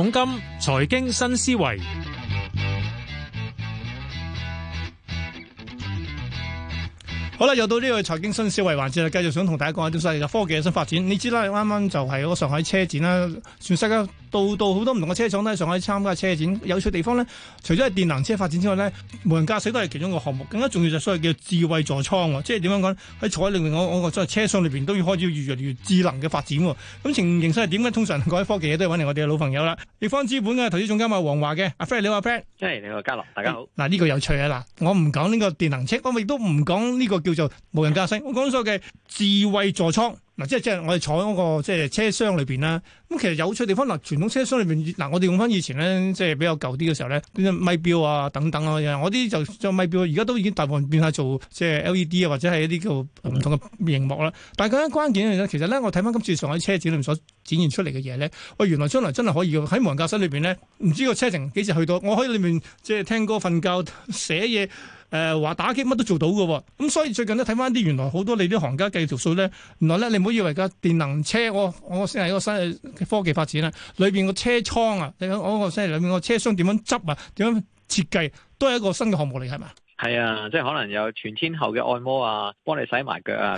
重金財經新思維，好啦，又到呢個財經新思維環節啦，繼續想同大家講一啲新科技嘅新發展。你知啦，啱啱就係嗰上海車展啦，損失啦。到到好多唔同嘅車廠都喺上海參加車展，有趣地方咧，除咗係電能車發展之外咧，無人駕駛都係其中一個項目，更加重要就所謂叫智慧座艙喎，即係點樣講喺坐喺裏面，我我個即係車廂裏邊都要開始越嚟越，越智能嘅發展。咁情形勢係點咧？通常嗰啲科技嘢都係揾嚟我哋嘅老朋友啦。易方資本嘅投資總監阿王華嘅，阿 f r e n d 你好 f r e n d 係你好，嘉樂、hey，啊，大家好。嗱呢個有趣啊嗱，我唔講呢個電能車，我亦都唔講呢個叫做無人駕駛，我講所嘅智慧座艙。嗱，即係即係我哋坐喺嗰個即係車廂裏邊啦。咁其實有趣地方嗱，傳統車廂裏邊，嗱我哋用翻以前咧，即係比較舊啲嘅時候咧，咪錶啊等等啊。我啲就將咪錶，而家都已經大部分變晒做即係 LED 啊，或者係一啲叫唔同嘅熒幕啦。但係更加關鍵咧，其實咧，我睇翻今次上海車展裏面所展現出嚟嘅嘢咧，喂，原來將來真係可以喺無人駕駛裏邊咧，唔知個車程幾時去到，我可以裏面即係聽歌、瞓覺、寫嘢。誒，話、呃、打機乜都做到嘅、哦，咁、嗯、所以最近咧睇翻啲原來好多你啲行家計條數咧，原來咧你唔好以為架電能車，我我先係一個新嘅科技發展面啊，裏邊個車窗啊，你喺我個即係裏邊個車廂點樣執啊，點樣設計，都係一個新嘅項目嚟，係咪？係啊，即係可能有全天候嘅按摩啊，幫你洗埋腳啊，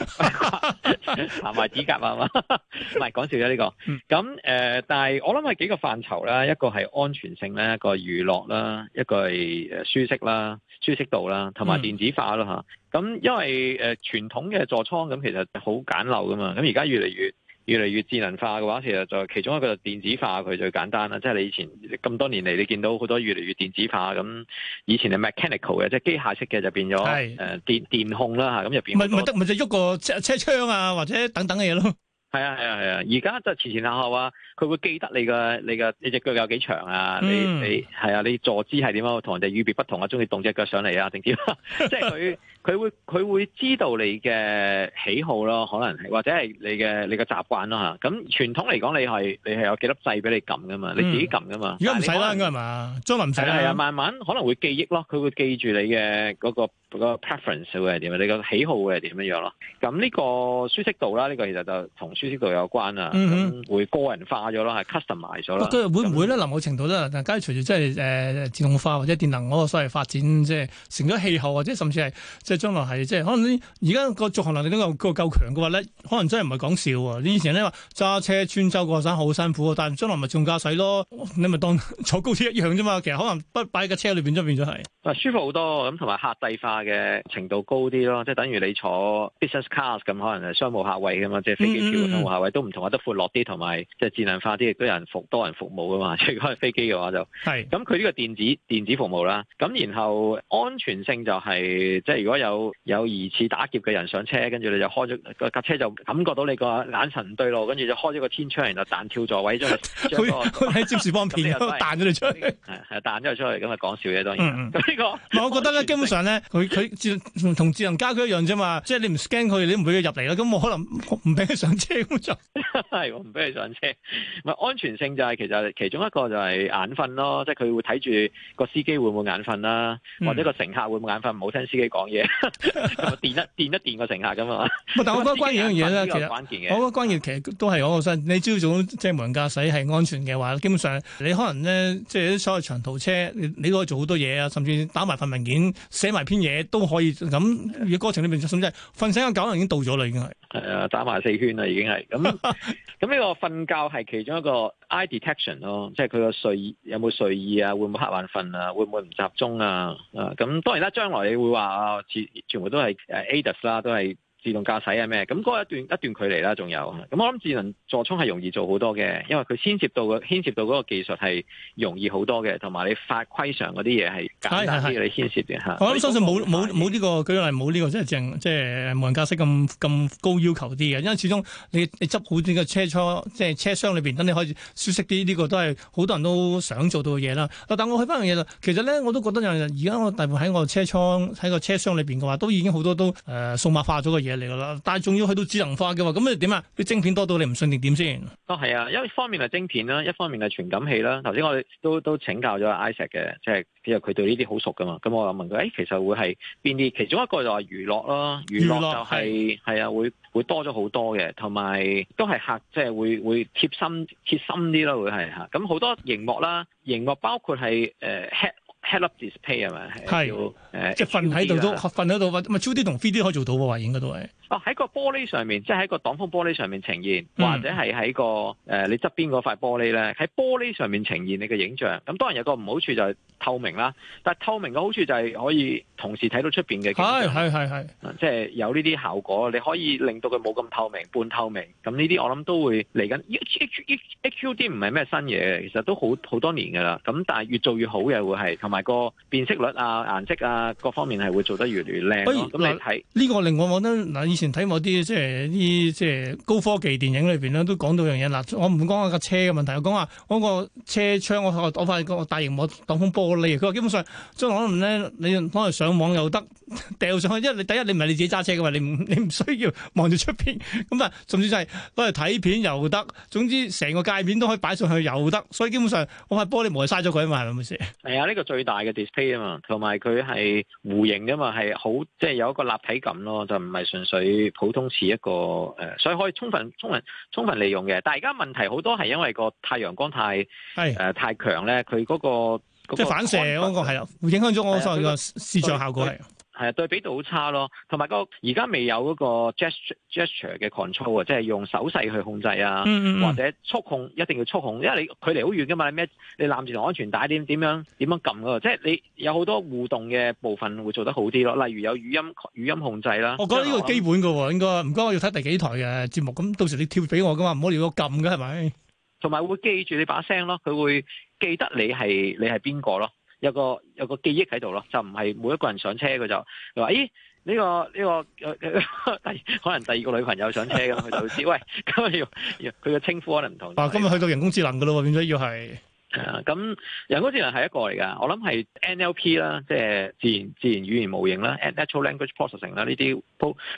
行埋 指甲啊嘛，唔係講笑咗呢、 呢個。咁誒、呃，但係我諗係幾個範疇啦，一個係安全性啦，一個娛樂啦，一個係誒舒適啦，舒適度啦，同埋電子化啦吓。咁、嗯、因為誒傳、呃、統嘅座艙咁其實好簡陋噶嘛，咁而家越嚟越。越嚟越智能化嘅話，其實就其中一個就電子化，佢最簡單啦。即係你以前咁多年嚟，你見到好多越嚟越電子化。咁以前係 mechanical 嘅，即係機械式嘅，就變咗誒是、呃、電電控啦嚇。咁入邊唔係唔係得，咪就喐個車車窗啊，或者等等嘅嘢咯。係啊係啊係啊！而家、啊啊、就前前後後啊，佢會記得你嘅你嘅你隻腳有幾長啊？嗯、你你係啊？你坐姿係點啊？同人哋與別不同啊！中意動隻腳上嚟啊？定點？即係佢。 佢會佢會知道你嘅喜好咯，可能係或者係你嘅你嘅習慣咯嚇。咁傳統嚟講，你係你係有幾粒掣俾你撳噶嘛，嗯、你自己撳噶嘛。而家唔使啦，應該係嘛？將來唔使啦。係啊，慢慢可能會記憶咯，佢會記住你嘅嗰、嗰個 preference、嗰個嗰個、會係點你個喜好會係點樣樣咯？咁呢個舒適度啦，呢、呢個其實就同舒適度有關啊。嗯嗯。會個人化咗咯，係 customize 咗咯。會唔會咧？某嘅程度咧，但係隨住即係誒自動化或者電能嗰個所謂發展，即係成咗氣候或者甚至係。即係將來係，即係可能你而家個續航能力都夠夠強嘅話咧，可能真係唔係講笑喎。你以前咧話揸車穿州過省好辛苦，但係將來咪仲駕駛咯，你咪當呵呵坐高鐵一樣啫嘛。其實可能不擺架車裏邊，都變咗係舒服好多咁，同埋客製化嘅程度高啲咯。即係等於你坐 business cars 咁，可能係商務客位嘅嘛，即係飛機票商務客位都唔同，有得、嗯嗯、寬落啲同埋即係智能化啲，亦都有人服多人服務嘅嘛。如果係飛機嘅話就係咁，佢呢是個電子電子服務啦，咁然後安全性就係、是、即係如果。有有疑似打劫嘅人上車，跟住你就開咗架車，就感覺到你個眼神唔對路，跟住就開咗個天窗，然後彈跳座位，即將喺監視方片彈咗你出，係係彈咗佢出嚟，咁啊講笑嘢當然。咁呢、嗯、個，我覺得咧，全基本上咧，佢佢同智能家居一樣啫嘛，即係 你唔 scan 佢，你唔俾佢入嚟啦。咁我可能唔俾佢上車咁就唔俾佢上車。唔 安全性就係、是、其實其中一個就係眼瞓咯，即係佢會睇住個司機會唔會眼瞓啦，嗯、或者個乘客會唔會眼瞓，唔好聽司機講嘢。電 一電一電個乘客咁啊！ 但係我覺得關鍵一樣嘢咧，其實關鍵嘅，我覺得關鍵其實都係我個身。 你朝早即係無人駕駛係安全嘅話，基本上你可能咧即係啲所謂長途車，你都可以做好多嘢啊，甚至打埋份文件，寫埋篇嘢都可以這樣。咁嘅過程裏面，甚至瞓醒個狗已經到咗啦，已經係係啊，打埋四圈啦，已經係咁。咁呢 個瞓覺係其中一個 eye detection 咯，即係佢個睡意有冇睡意啊？會唔會瞌眼瞓啊？會唔會唔集中啊？咁當然啦，將來你會話全部都係誒 ADAS 啦，都係。自動駕駛係咩？咁嗰一段一段距離啦，仲有。咁我諗智能座艙係容易做好多嘅，因為佢牽涉到嘅牽涉到嗰個技術係容易好多嘅，同埋你法規上嗰啲嘢係簡單啲。你牽涉嘅。嚇。我諗相信冇冇冇呢個，舉例冇呢個即係正即係無人駕駛咁咁高要求啲嘅，因為始終你你執好呢個車窗，即係車廂裏邊等你可以舒適啲。呢個都係好多人都想做到嘅嘢啦。但我去翻樣嘢就其實咧，我都覺得就而家我大部分喺我車窗喺個車廂裏邊嘅話，都已經好多都誒、呃、數碼化咗嘅嘢。嚟噶啦，但係仲要去到智能化嘅嘛？咁你點啊？啲晶片多到你唔信定點先？哦，係啊，一方面係晶片啦，一方面係傳感器啦。頭先我哋都都請教咗阿 Isaac 嘅，即係其實佢對呢啲好熟噶嘛。咁我問佢，誒、欸，其實會係邊啲？其中一個就係娛樂咯，娛樂就係、是、係啊，會會多咗好多嘅，同埋都係客，即係會會貼心貼心啲咯，會係吓。咁好多熒幕啦，熒幕包括係誒，呃 Head Up Display 係咪係即係瞓喺度都瞓喺度，咪 QD 同 3D 可以做到喎，應該都係。哦、啊，喺個玻璃上面，即係喺個擋風玻璃上面呈現，嗯、或者係喺個誒、呃、你側邊嗰塊玻璃咧，喺玻璃上面呈現你嘅影像。咁、嗯、當然有個唔好處就係透明啦，但係透明嘅好處就係可以同時睇到出邊嘅。係係係係，即係有呢啲效果，你可以令到佢冇咁透明，半透明。咁呢啲我諗都會嚟緊、嗯 e e e。Q D 唔係咩新嘢，其實都好好多年㗎啦。咁但係越做越好嘅會係同埋。個辨識率啊、顏色啊、各方面係會做得越嚟越靚、啊。咁以你睇呢個令我覺得嗱，以前睇我啲即係啲即係高科技電影裏邊咧，都講到樣嘢嗱。我唔講啊架車嘅問題，我講啊嗰、嗰個車窗，我我發現個大型我擋風玻璃。佢話基本上將可能咧，你可能上網又得，掉上去。因為第一你唔係你自己揸車嘅嘛，你唔你唔需要望住出邊咁啊。但甚至就係攞嚟睇片又得，總之成個界面都可以擺上去又得。所以基本上我塊玻璃冇晒咗佢啊嘛，係咪事？係啊，呢個最。最大嘅 display 啊嘛，同埋佢係弧形啊嘛，係好即係有一個立體感咯，就唔係純粹普通似一個，誒，所以可以充分充分充分利用嘅。但係而家問題好多係因為個太陽光太係誒、呃、太強咧，佢嗰個即係反射嗰個係啦，會影響咗我嗰個所謂嘅視像效果係。係啊，對比度好差咯，同埋個而家未有嗰個 gesture, gesture gesture 嘅 control 啊，即係用手勢去控制啊，嗯嗯嗯，或者觸控一定要觸控，因為你距離好遠㗎嘛，咩你攬住個安全帶點點樣點樣撳㗎？即係你有好多互動嘅部分會做得好啲咯，例如有語音語音控制啦。我覺得呢個基本㗎喎，應該唔該我要睇第幾台嘅節目，咁到時你跳俾我㗎嘛，唔好你個撳㗎係咪？同埋會記住你把聲咯，佢會記得你係你係邊個咯。有個有個記憶喺度咯，就唔係每一個人上車佢就話，咦、欸？呢個呢個，可能第二個女朋友上車咁佢就會知，喂，咁日要佢嘅稱呼可能唔同。啊，今日去到人工智能㗎咯喎，變咗要係。咁、嗯、人工智能係一個嚟噶，我諗係 NLP 啦，即係自然自然語言模型啦，natural language processing 啦，呢啲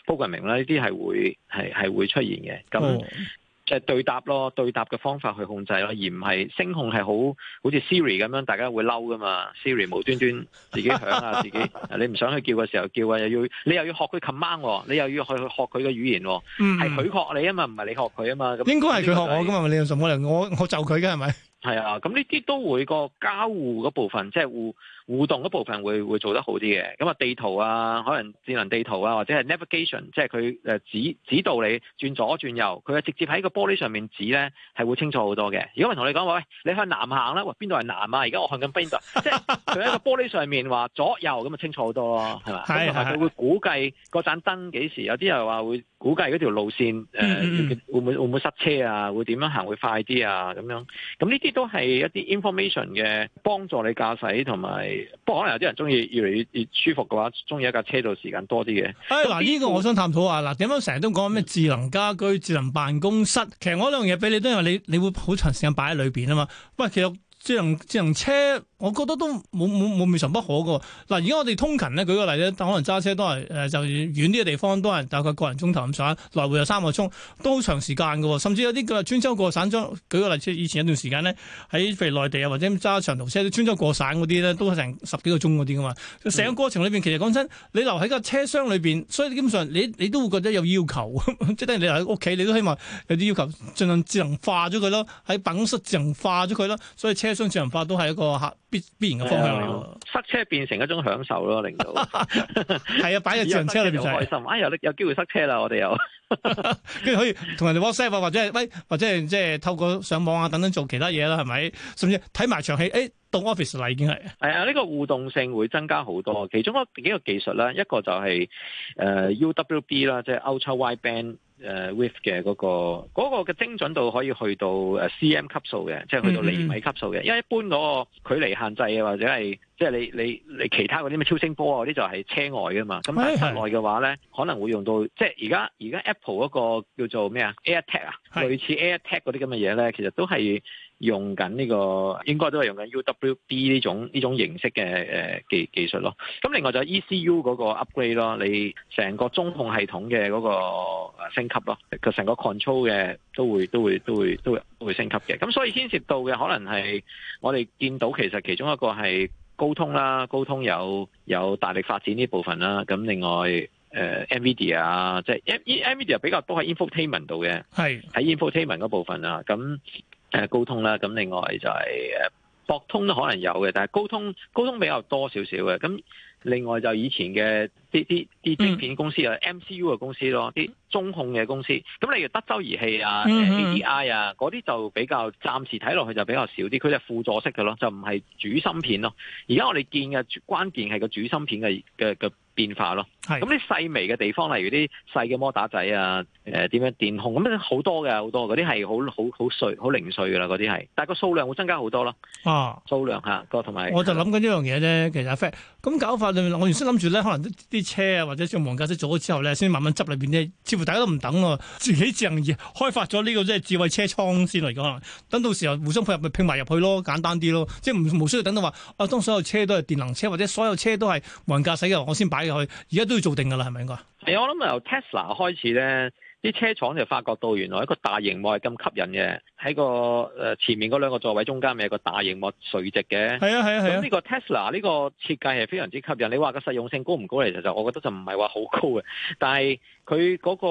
programming 啦，呢啲係會係係會出現嘅。咁。哦誒，對答咯，對答嘅方法去控制咯，而唔係聲控係好好似 Siri 咁樣，大家會嬲噶嘛？Siri 無端端自己響下、啊、自己 你唔想去叫嘅時候叫啊，又要你又要學佢 command，你又要去學佢嘅語言，係佢、嗯、學你啊嘛，唔係你學佢啊嘛，應該係佢學我噶嘛？你用什麼嚟？我我就佢㗎係咪？係啊，咁呢啲都會個交互嗰部分，即係互。互動嗰部分會會做得好啲嘅，咁啊地圖啊，可能智能地圖啊，或者係 navigation，即係佢誒指指導你轉左轉右，佢係直接喺個玻璃上面指咧，係會清楚好多嘅。如果唔同你講話，喂，你向南行啦，喂、呃，邊度係南啊？而家我向緊邊度？ 即係喺一個玻璃上面話左右咁啊，清楚好多咯，係嘛？佢會估計嗰盞燈幾時？有啲人話會估計嗰條路線、呃、會會會唔會塞車啊？會點樣行會快啲啊？咁樣咁呢啲都係一啲 information 嘅幫助你駕駛同埋。不過可能有啲人中意越嚟越越舒服嘅話，中意一架車度時間多啲嘅。係嗱、哎，呢個我想探討下，嗱，點解成日都講咩智能家居、智能辦公室？其實我嗰樣嘢俾你都係你你會好長時間擺喺裏邊啊嘛。不過，其實智能智能車。我覺得都冇冇冇未嘗不可嘅。嗱，而家我哋通勤咧，舉個例咧，可能揸車都係誒、呃，就遠啲嘅地方都係大概個人鐘頭咁上下，來回有三個鐘，都好長時間嘅。甚至有啲叫穿州過省，將舉個例以前一段時間咧，喺譬如內地啊，或者揸長途車穿州過省嗰啲咧，都成十幾個鐘嗰啲噶嘛。成、嗯、個過程裏邊，其實講真，你留喺個車廂裏邊，所以基本上你你都會覺得有要求，即係你留喺屋企，你都希望有啲要求盡量智能化咗佢咯，喺辦公室智能化咗佢咯。所以車廂智能化都係一個客。必必然嘅方向咯、啊，塞車變成一種享受咯、啊，令到係啊，擺入智能車裏邊就開、是、心啊，有有有機會塞車啦，我哋又跟住可以同人哋 WhatsApp 啊，或者係喂，或者係即係透過上網啊等等做其他嘢啦、啊，係咪？甚至睇埋場戲，誒、哎，到 office 啦，已經係。係啊，呢、這個互動性會增加好多，其中嗰幾個技術啦，一個就係誒 UWB 啦，呃、UW B，即係 Ultra Wide Band。with 嘅嗰個嗰、嗰個嘅精準度可以去到、uh, cm 級數嘅，即係去到厘米級數嘅，mm hmm. 因為一般嗰個距離限制啊，或者係即係你你你其他嗰啲咩超聲波嗰啲就係、是、車外㗎嘛。咁 但係室內嘅話咧，可能會用到 即係而家而家 Apple 嗰個叫做咩啊 AirTag 啊， 類似 AirTag 嗰啲咁嘅嘢咧，其實都係。用緊呢個應該都係用緊 UWB 呢種呢種形式嘅、呃、技技術咯。咁另外就係 ECU 嗰個 upgrade 咯，你成個中控系統嘅嗰個升級咯，個成個 control 嘅都會都會都會都會升級嘅。咁所以牽涉到嘅可能係我哋見到其實其中一個係高通啦，高通有有大力發展呢部分啦。咁另外 NVIDIA 啊，即、呃、係 NVIDIA 比較多喺 infotainment 度嘅，係喺是 infotainment 嗰部分啊。咁誒高通啦，咁另外就係誒博通都可能有嘅，但係高通高通比較多少少嘅，咁另外就以前嘅啲啲啲晶片公司啊，M C U 嘅公司咯，啲中控嘅公司，咁例如德州儀器啊、A D I 啊，嗰啲就比較暫時睇落去就比較少啲，佢就輔助式嘅咯，就唔係主芯片咯。而家我哋見嘅關鍵係個主芯片嘅嘅嘅變化咯。咁啲是細微嘅地方，例如啲細嘅摩打仔啊，誒、呃、點樣電控，咁好多嘅好多，嗰啲係好好好碎好零碎嘅啦，嗰啲係。但係個數量會增加好多咯、啊。啊，數量嚇個同埋。我就諗緊呢樣嘢啫，其實阿 Fat，咁搞法咧，我原先諗住咧，可能車啊，或者將無人駕駛做咗之後咧，先慢慢執入邊咧，似乎大家都唔等咯，自己自行而開發咗呢個即係智慧車艙先嚟講，等到時候互相配合咪拼埋入去咯，簡單啲咯，即係唔冇需要等到話，我、啊、當所有車都係電能車或者所有車都係無人駕駛嘅，我先擺入去，而家都要做定噶啦，係咪應該？係我諗由 Tesla 開始咧。啲車廠就發覺到原來一個大熒幕係咁吸引嘅，喺個誒前面嗰兩個座位中間咪有一個大熒幕垂直嘅。係啊係啊啊！咁呢、啊啊、個 Tesla 呢個設計係非常之吸引。你話個實用性高唔高咧？其實我覺得就唔係話好高嘅，但係佢嗰個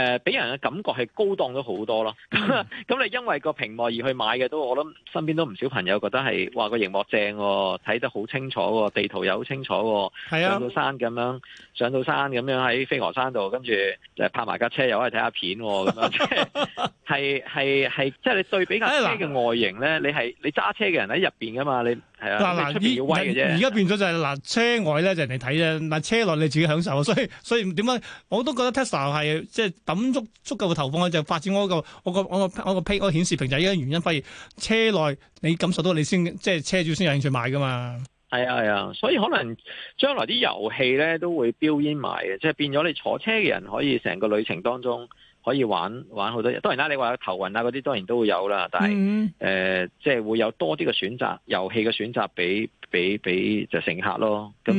誒俾、呃、人嘅感覺係高檔咗好多咯。咁、嗯、 你因為個屏幕而去買嘅，都我諗身邊都唔少朋友覺得係哇個熒幕正、哦，睇得好清楚喎、哦，地圖又好清楚喎、哦。啊！上到山咁樣，上到山咁樣喺飛鵝山度，跟住誒拍埋架車又。睇下片咁啊，係係係，即係你對比架車嘅外形咧，你係你揸車嘅人喺入邊噶嘛？你係啊，出邊要威嘅啫。而家變咗就係嗱，車外咧就人哋睇啫，嗱車內你自己享受。所以所以點解我都覺得 Tesla 係即係抌足足夠嘅投放，就發展我個我個我個我我顯示屏就一個原因，反而車內你感受到你先即係車主先有興趣買噶嘛。係啊係啊，所以可能將來啲遊戲咧都會飆煙埋嘅，即係變咗你坐車嘅人可以成個旅程當中可以玩玩好多嘢。當然啦，你話有頭暈啊嗰啲，當然都會有啦。但係誒、嗯呃，即係會有多啲嘅選擇，遊戲嘅選擇俾俾俾就乘客咯。咁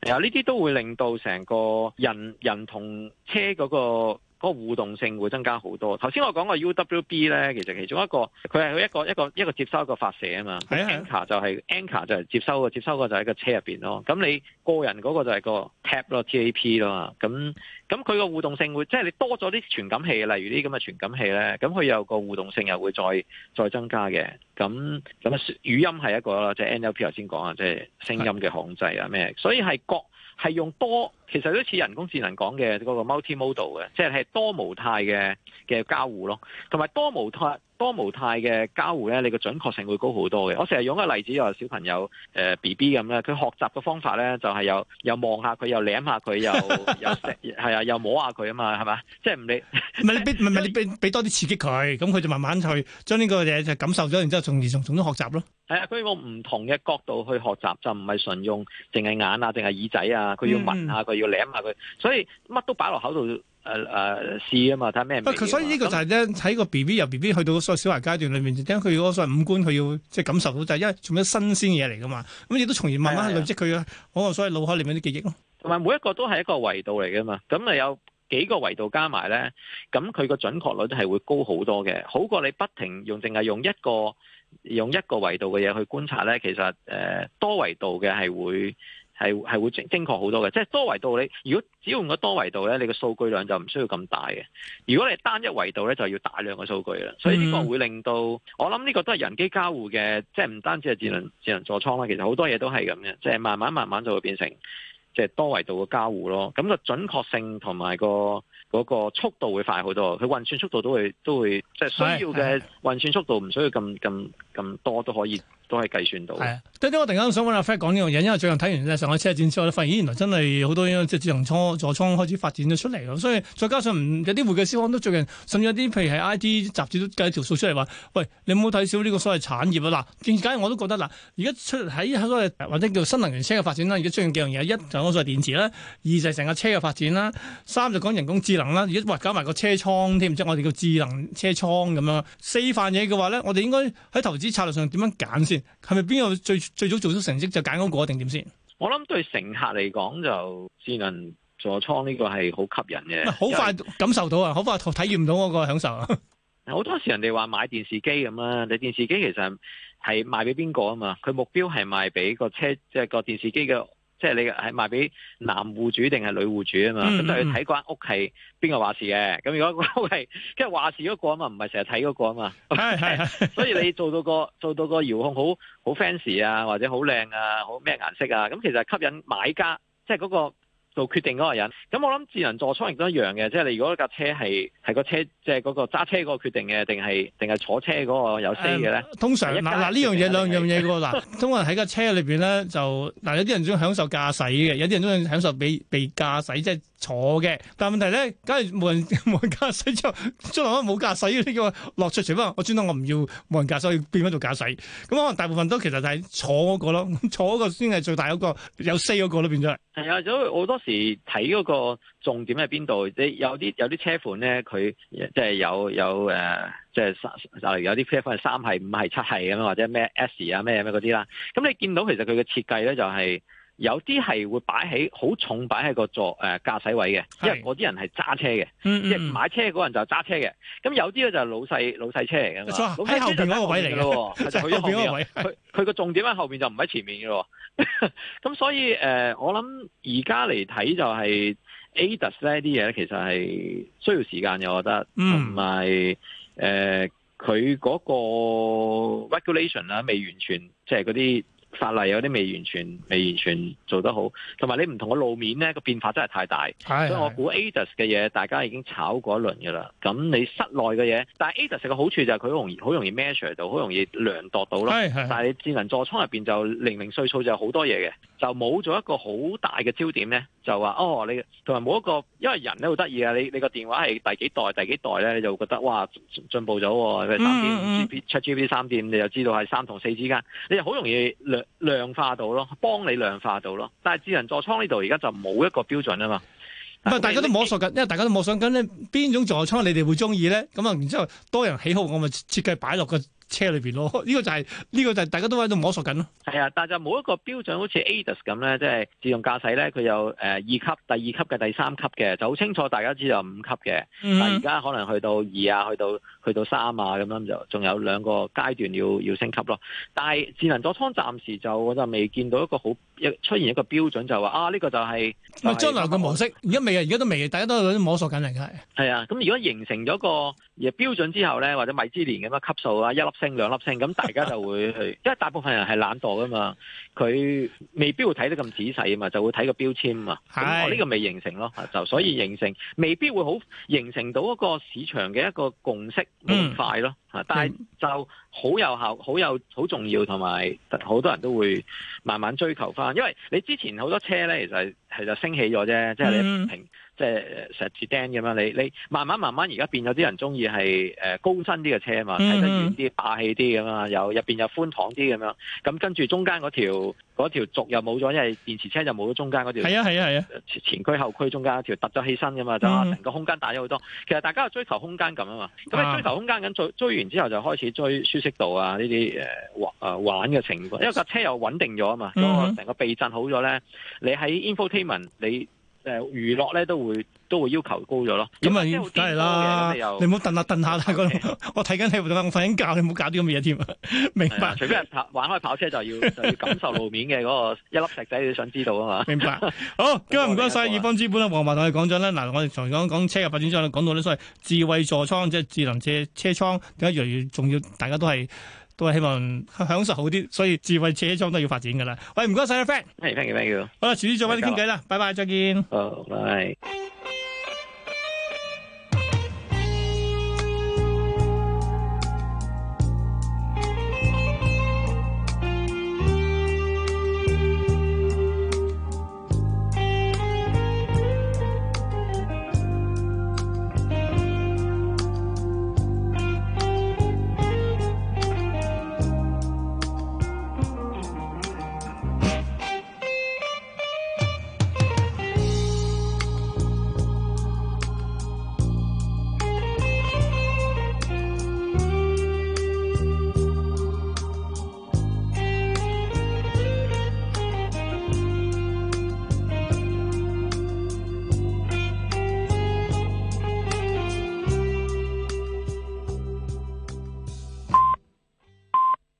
啊，呢啲、嗯、都會令到成個人人同車嗰、嗰個。嗰個互動性會增加好多。頭先我講過 UWB 咧，其實其中一個佢係佢一個一個一個接收一個發射啊嘛。Anchor 就係 Anchor 就係、是、的 Anch 接收個接收個就喺個車入邊咯。咁你個人嗰個就係個 Tap 咯，Tap 咯咁咁佢個互動性會即係你多咗啲傳感器，例如啲咁嘅傳感器咧，咁佢有個互動性又會再再增加嘅。咁咁語音係一個啦，即係 NLP 頭先講啊，即、就、係、是、聲音嘅控制啊咩的。所以係各係用多。其實都似人工智能講嘅嗰個 multi-modal 嘅，即係多模態嘅嘅交互咯，同埋多模態多模態嘅交互咧，你個準確性會高好多嘅。我成日用個例子話小朋友誒 B B 咁咧，佢學習嘅方法咧就係又又望下佢，又舐下佢，又 又係啊，又摸下佢啊嘛，係咪？即係唔理唔係 你俾唔係你俾俾多啲刺激佢，咁佢就慢慢去將呢個嘢就感受咗，然之後從而從從中學習咯。係啊，佢用唔同嘅角度去學習，就唔係純用淨係眼啊，淨係耳仔啊，佢要聞下佢。嗯要舐下佢，所以乜都擺落口度誒誒試啊嘛，睇咩佢所以呢個就係咧，睇那個 B B 由 B B 去到所小孩階段裏面，就等佢嗰個五官佢要即係感受到，就係因為做咩新鮮嘢嚟噶嘛。咁亦都從而慢慢累積佢嗰個所謂腦海裏面啲記憶咯。同埋每一個都係一個維度嚟噶嘛，咁啊有幾個維度加埋咧，咁佢個準確率都係會高好多嘅，好過你不停用淨係用一個用一個維度嘅嘢去觀察咧。其實誒、呃、多維度嘅係會。係係會精精確好多嘅，即係多維度你如果只要用個多維度咧，你個數據量就唔需要咁大嘅。如果你單一維度咧，就要大量嘅數據啦。所以呢個會令到我諗呢個都係人機交互嘅，即係唔單止係智能智能座艙啦，其實好多嘢都係咁嘅，即係慢慢慢慢就會變成即係多維度嘅交互咯。咁個準確性同埋個個速度會快好多，佢運算速度都會都會即係需要嘅運算速度唔需要咁咁咁多都可以。都係計算到。係啊，等我突然間想揾阿 Fred 講呢樣嘢，因為最近睇完上海車展之後咧，我發現原來真係好多即係智能車座艙開始發展咗出嚟咯。所以再加上唔有啲會計師講都最近，甚至有啲譬如係 ID 雜誌都計條數出嚟話，喂，你冇睇少呢個所謂產業啊嗱。點解我都覺得嗱，而家出喺所謂或者叫新能源車嘅發展啦。而家出現幾樣嘢，一就講所謂電池啦，二就係成架車嘅發展啦，三就講人工智能啦。而家話搞埋個車艙添，即係我哋叫智能車艙咁樣。四塊嘢嘅話咧，我哋應該喺投資策略上點樣揀先？係咪邊個最最早做出成績就揀嗰，那個定點先？我諗對乘客嚟講就智能座艙呢個係好吸引嘅，好、啊、快感受到啊，好、就是、快，快體驗到嗰個享受啊！好 多時人哋話買電視機咁啦，你電視機其實係賣俾邊個啊嘛？佢目標係賣俾個車即係、就是、個電視機嘅。即係你係賣俾男戶主定係女戶主啊嘛，咁、嗯嗯、就要睇間屋企邊個話事嘅。咁如果屋企，即係話事嗰個啊嘛，唔係成日睇嗰個啊嘛。 所以你做到個做到個遙控好好 fancy 啊，或者好靚啊，好咩顏色啊？咁其實吸引買家，即係嗰個。做決定嗰個人，咁我諗智能座艙亦都一樣嘅，即係你如果架車係係、就是、個車即係嗰個揸車嗰個決定嘅，定係定係坐車嗰個有 say 嘅咧？通常嗱嗱呢樣嘢兩樣嘢個嗱，通常喺架車裏邊咧就嗱、啊、有啲人鍾意享受駕駛嘅，有啲人鍾意享受被被駕駛，即係坐嘅。但問題咧，梗係冇人冇人駕駛之後，將來可能冇駕駛呢個樂趣，除非我專登我唔要冇人駕駛，駕駛我我要變翻做駕駛。咁可能大部分都其實就係坐嗰、那個咯，坐嗰個先係最大嗰、那個有 say 嗰個咯變咗係。啊，好多。睇嗰個重點喺邊度？你有啲有啲車款咧，佢即係有有誒，即係三例如有啲車款係三系五系七系咁樣，或者咩 S 啊咩咩嗰啲啦。咁你見到其實佢嘅設計咧，就係。有啲係會擺喺好重，擺喺個座誒駕駛位嘅，是因為嗰啲人係揸車嘅，嗯嗯即係買車嗰人就揸車嘅。咁有啲咧就係老細老細車嚟噶嘛，喺後面，後面，嗰個位嚟咯，佢一佢個重點喺後邊就唔喺前面嘅咯。咁 所以誒、呃，我諗而家嚟睇就係 ADAS 咧啲嘢，其實係需要時間嘅，我覺得。嗯。同埋誒，佢嗰個 regulation、啊、未完全即係嗰啲。法例有啲未完全，未完全做得好，同埋你唔同嘅路面咧，個變化真係太大。是是是所以我估 ADAS 嘅嘢，大家已經炒過一輪嘅啦。咁你室內嘅嘢，但 ADAS 嘅好處就係佢好容易，好容易 measure 到，好容易量度到咯。但係是你智能座艙入邊就零零碎碎就好多嘢嘅，就冇咗一個好大嘅焦點咧，就話哦，你同埋冇一個，因為人咧好得意啊，你你個電話係第幾代、第幾代咧，你就覺得哇進步咗，佢三點五 GB 出 GB 三點，你就知道係三同四之間，你就好容易量。量化到咯，幫你量化到咯。但係智能座艙呢度而家就冇一個標準啊嘛。唔係不你大家都摸索緊，因為大家都摸索緊咧，邊種座艙你哋會中意咧？咁啊，然之後多人喜好，我咪設計擺落個。車裏邊咯，呢、這個就係、是、呢、這個就係大家都喺度摸索緊咯。係啊，但係就冇一個標準，好似 A.D.A.S. 咁咧，即係自動駕駛咧，佢有誒二級、第二級嘅、第三級嘅，就好清楚。大家知道五級嘅，但係而家可能去到二啊，去到去到三啊咁樣，就仲有兩個階段要要升級咯。但係智能座艙暫時就我就未見到一個好一出現一個標準，就話啊呢、這個就係、是。將來嘅模式而家未啊，而家都未，大家都喺度摸索緊嚟嘅係。係啊，咁如果形成咗個而標準之後咧，或者米芝蓮咁樣級數啊，一粒。升兩粒星，咁大家就會去，因為大部分人係懶惰噶嘛，佢未必會睇得咁仔細啊嘛，就會睇個標籤啊嘛。咁我呢個未形成咯，就所以形成未必會好形成到一個市場嘅一個共識板塊咯。吓、嗯，但係就好有效、好有好重要，同埋好多人都會慢慢追求翻，因為你之前好多車咧，其實係就升起咗啫，即係你平。即係石字丹咁樣，你你慢慢慢慢而家變咗啲人中意係誒高身啲嘅車啊嘛，睇得遠啲、霸氣啲咁啊，又入邊又寬敞啲咁樣。咁跟住中間嗰條嗰條軸又冇咗，因為電池車就冇咗中間嗰條。係啊係啊係啊，啊啊前前驅後驅中間一條凸咗起身㗎嘛，就話成個空間大咗好多。嗯、其實大家又追求空間咁啊嘛，咁你追求空間咁，啊、追追完之後就開始追舒適度啊呢啲誒玩玩嘅情況，因為架車又穩定咗啊嘛，嗰個成個避震好咗咧，你喺 infotainment 你。誒，娛樂咧都會都會要求高咗咯，咁啊梗係啦，你唔好掟下掟下啦！我睇緊你我瞓緊覺，你唔好搞啲咁嘅嘢添。明白，除非人玩開跑車就要 就要感受路面嘅嗰個一粒石仔，你想知道啊嘛。明白，好， 今日唔該晒以方資本啊。王華我哋講咗啦。嗱，我哋從講講車嘅發展上，講到呢，所謂智慧座艙，即係智能嘅車艙，點解越嚟越重要？大家都係。都係希望享受好啲，所以智慧座艙都要發展噶啦。喂，唔該晒啊，Frank。係，thank you，thank you, thank you. 好。好啦，遲啲再搵你傾偈啦，拜拜，再見。好，拜。